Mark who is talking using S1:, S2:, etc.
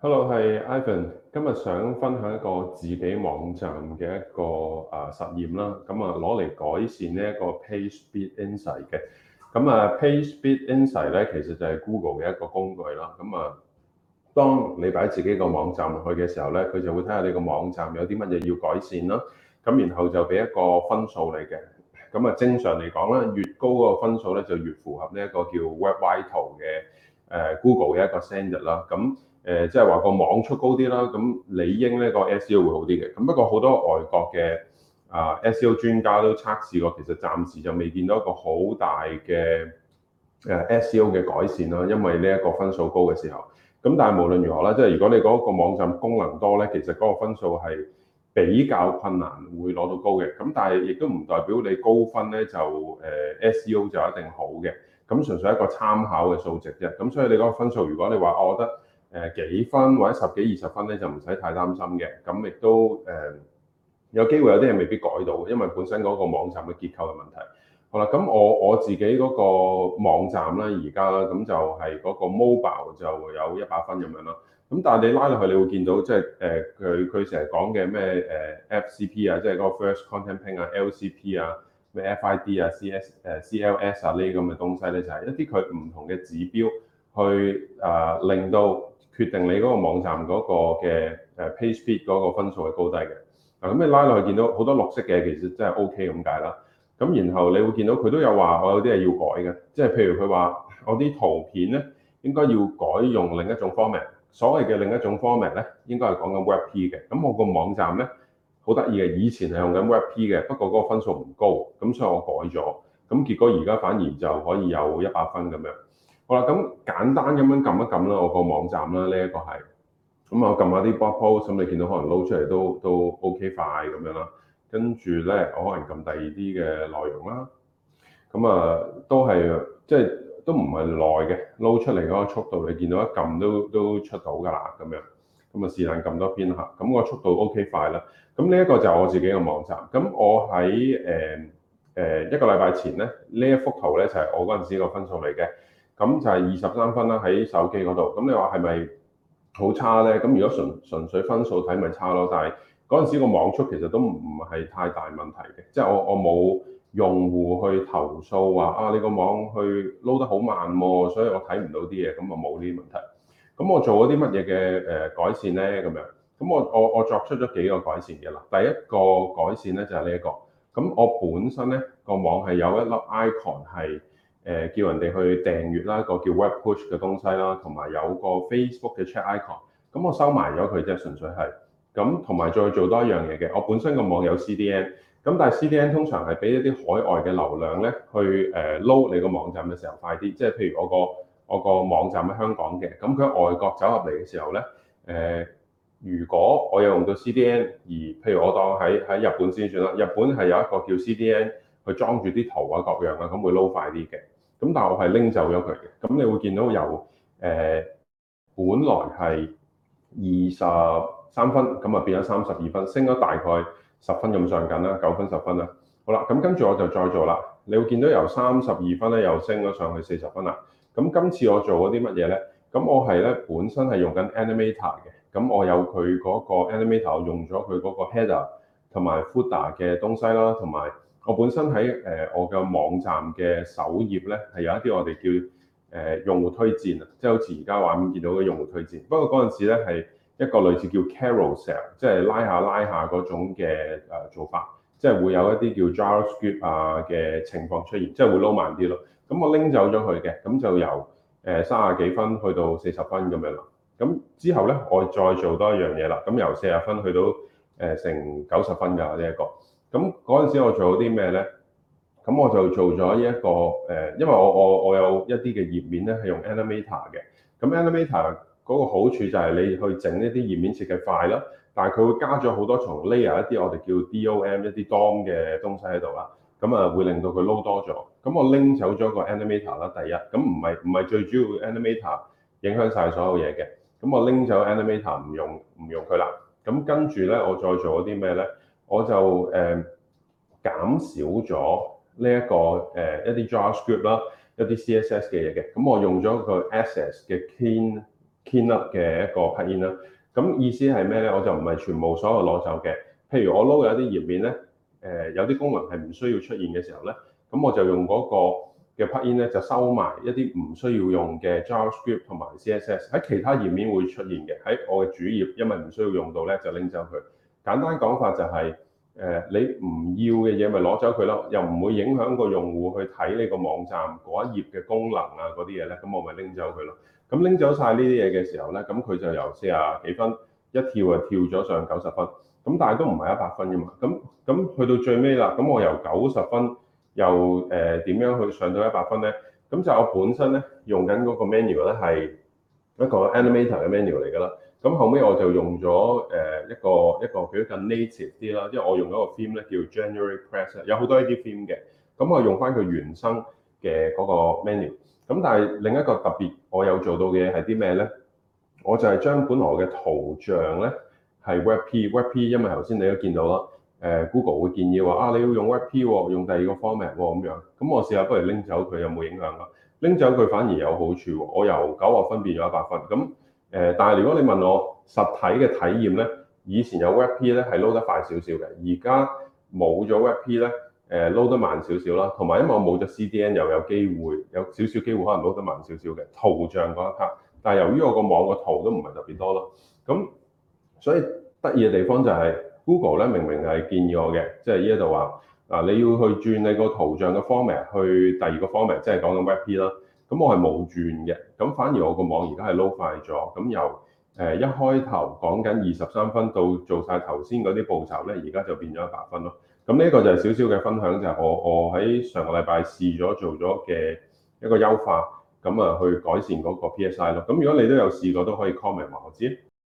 S1: Hello，係 Ivan。今日想分享一個自己網站嘅一個啊實驗啦，咁啊攞嚟改善呢一個 Page Speed Insight 嘅。咁啊 Page Speed Insight 咧，其實就係 Google 嘅一個工具啦。咁啊，當你擺自己個網站落去嘅時候咧，佢就會睇下你個網站有啲乜嘢要改善咯。咁然後就俾一個分數嚟嘅。咁啊，正常嚟講咧，越高個分數咧，就越符合呢一個叫 Web Vital 嘅誒 Google 嘅一個 standard 啦。咁誒即係話個網速高啲啦，咁理應呢個 SEO 會好啲嘅。咁不過好多外國嘅啊 SEO 專家都測試過，其實暫時就未見到一個好大嘅誒 SEO 嘅改善啦。因為呢一個分數高嘅時候，咁但係無論如何啦，即係如果你嗰個網站功能多咧，其實嗰個分數係比較困難會攞到高嘅。咁但係亦都唔代表你高分咧就誒 SEO 就一定好嘅。咁純粹一個參考嘅數值啫。咁所以你嗰個分數，如果你話我覺得，誒幾分或者十幾二十分咧，就唔使太擔心嘅。咁亦都誒、呃、有機會有啲人未必改到，因為本身嗰個網站嘅結構嘅問題。好啦，咁我我自己嗰個網站咧，而家咁就係嗰個 mobile 就有一百分咁樣啦。咁但係你拉落去，你會見到即係誒佢佢成日講嘅咩誒 FCP 啊，即係嗰個 First Contentful Paint 啊、LCP 啊、咩 FID 啊、CS 誒、呃、CLS 啊呢啲咁嘅東西咧，就係一啲佢唔同嘅指標去誒、呃、令到，決定你嗰個網站嗰個嘅誒 page speed 嗰個分數係高低嘅。嗱咁你拉落去見到好多綠色嘅，其實真係 OK 咁解啦。咁然後你會見到佢都有話我有啲嘢要改嘅，即係譬如佢話我啲圖片咧應該要改用另一種 format。所謂嘅另一種 format 咧，應該係講緊 WebP 嘅。咁我個網站咧好得意嘅，以前係用緊 WebP 嘅，不過嗰個分數唔高，咁所以我改咗。咁結果而家反而就可以有一百分咁樣。好啦，咁簡單咁樣撳一撳啦，我個網站啦，呢一個係咁啊，撳下啲 post 咁，你見到可能撈出嚟都都 OK 快咁樣啦。跟住咧，我可能撳第二啲嘅內容啦，咁啊都係即係都唔係耐嘅撈出嚟嗰個速度，你見到一撳都都出到㗎啦咁樣。咁啊，試下撳多篇吓，咁個速度 OK 快啦。咁呢一個就我自己嘅網站，咁我喺誒誒一個禮拜前咧，呢一幅圖咧就係我嗰陣時個分數嚟嘅。咁就係二十三分啦，喺手機嗰度。咁你話係咪好差咧？咁如果純純粹分數睇，咪差咯。但係嗰陣時個網速其實都唔係太大問題嘅，即係我我冇用戶去投訴話啊，你個網去撈得好慢喎、啊，所以我睇唔到啲嘢，咁啊冇呢啲問題。咁我做咗啲乜嘢嘅誒改善咧？咁樣，咁我我我作出咗幾個改善嘅啦。第一個改善咧就係呢一個。咁我本身咧個網係有一粒 icon 係。誒叫人哋去訂閲啦，那個、一個叫 Web Push 嘅東西啦，同埋有個 Facebook 嘅 Chat Icon，咁我收埋咗佢啫，純粹係咁，同埋再做多一樣嘢嘅，我本身個網有 CDN，咁但係 CDN 通常係俾一啲海外嘅流量咧，去誒撈你個網站嘅時候快啲，即係譬如我個我個網站喺香港嘅，咁佢喺外國走入嚟嘅時候咧，誒、呃、如果我有用到 CDN，而譬如我當喺喺日本先算啦，日本係有一個叫 CDN。佢裝住啲圖啊，各樣啊，咁會撈快啲嘅。咁但係我係拎走咗佢嘅。咁你會見到由誒、呃，本來係二十三分，咁啊變咗三十二分，升咗大概十分咁上下啦，九分、十分啦。好啦，咁跟住我就再做啦。你會見到由三十二分咧，又升咗上去四十分啦。咁今次我做咗啲乜嘢咧？咁我係咧本身係用緊 Animator 嘅，咁我有佢嗰個 Animator 用咗佢嗰個 Header 同埋 Footer 嘅東西啦，同埋。我本身喺誒我嘅網站嘅首頁咧，係有一啲我哋叫誒、呃、用戶推薦啊，即係好似而家畫面見到嘅用戶推薦。不過嗰陣時咧係一個類似叫 Carousel，即係拉下拉下嗰種嘅誒做法，即係會有一啲叫 JavaScript 啊嘅情況出現，即係會撈慢啲咯。咁我拎走咗佢嘅，咁就由誒三十幾分去到四十分咁樣啦。咁之後咧我再做多一樣嘢啦，咁由四十分去到誒成九十分㗎呢一個。咁嗰陣時，我做咗啲咩咧？咁我就做咗一個誒，因為我我我有一啲嘅頁面咧，係用 Animator 嘅。咁 Animator 嗰個好處就係你去整一啲頁面設計快咯，但係佢會加咗好多重 layer 一啲，我哋叫 DOM 一啲 DOM 嘅東西喺度啦。咁啊，會令到佢 load 多咗。咁我拎走咗個 Animator 啦，第一。咁唔係唔係最主要 Animator 影響晒所有嘢嘅。咁我拎走 Animator 唔用唔用佢啦。咁跟住咧，我再做咗啲咩咧？我就誒減少咗呢一,一,一個誒一啲 JavaScript 啦，一啲 CSS 嘅嘢嘅。咁我用咗個 Access 嘅 Clean Clean Up 嘅一個 Plugin 啦。咁意思係咩咧？我就唔係全部所有攞走嘅。譬如我撈有啲頁面咧，誒有啲功能係唔需要出現嘅時候咧，咁我就用嗰個嘅 Plugin 咧就收埋一啲唔需要用嘅 JavaScript 同埋 CSS 喺其他頁面會出現嘅。喺我嘅主頁因為唔需要用到咧就拎走佢。簡單講法就係、是，誒你唔要嘅嘢咪攞走佢咯，又唔會影響個用戶去睇你個網站嗰一頁嘅功能啊嗰啲嘢咧，咁我咪拎走佢咯。咁拎走晒呢啲嘢嘅時候咧，咁佢就由四十幾分一跳就跳咗上九十分，咁但係都唔係一百分啫嘛。咁咁去到最尾啦，咁我由九十分又誒點、呃、樣去上到一百分咧？咁就我本身咧用緊嗰個 menu 咧係一個 Animator 嘅 menu 嚟㗎啦。咁後尾我就用咗誒一個一個比較 native 啲啦，因為我用咗個 theme 咧叫 January Press 有好多呢啲 theme 嘅。咁我用翻佢原生嘅嗰個 menu。咁但係另一個特別我有做到嘅嘢係啲咩咧？我就係將本來嘅圖像咧係 WebP WebP，因為頭先你都見到啦。誒 Google 會建議話啊，你要用 WebP 喎，用第二個 format 喎咁樣。咁我試下不如拎走佢有冇影響啦？拎走佢反而有好處喎，我由九十分變咗一百分咁。誒，但係如果你問我實體嘅體驗咧，以前有 WebP 咧係 load 得快少少嘅，而家冇咗 WebP 咧，誒 load 得慢少少啦。同埋因為我冇咗 CDN 又有機會，有少少機會可能 load 得慢少少嘅圖像嗰一 part。但係由於我個網個圖都唔係特別多咯，咁所以得意嘅地方就係 Google 咧明明係建議我嘅，即係依一度話啊你要去轉你個圖像嘅 format 去第二個 format，即係講緊 WebP 啦。咁我係冇轉嘅，咁反而我個網而家係撈快咗，咁由一開頭講緊二十三分到做曬頭先嗰啲步驟呢，而家就變咗一百分咯。咁呢個就係少少嘅分享，就係、是、我我喺上個禮拜試咗做咗嘅一個優化，咁啊去改善嗰個 PSI 咯。咁如果你都有試過，都可以 comment 話我，我知。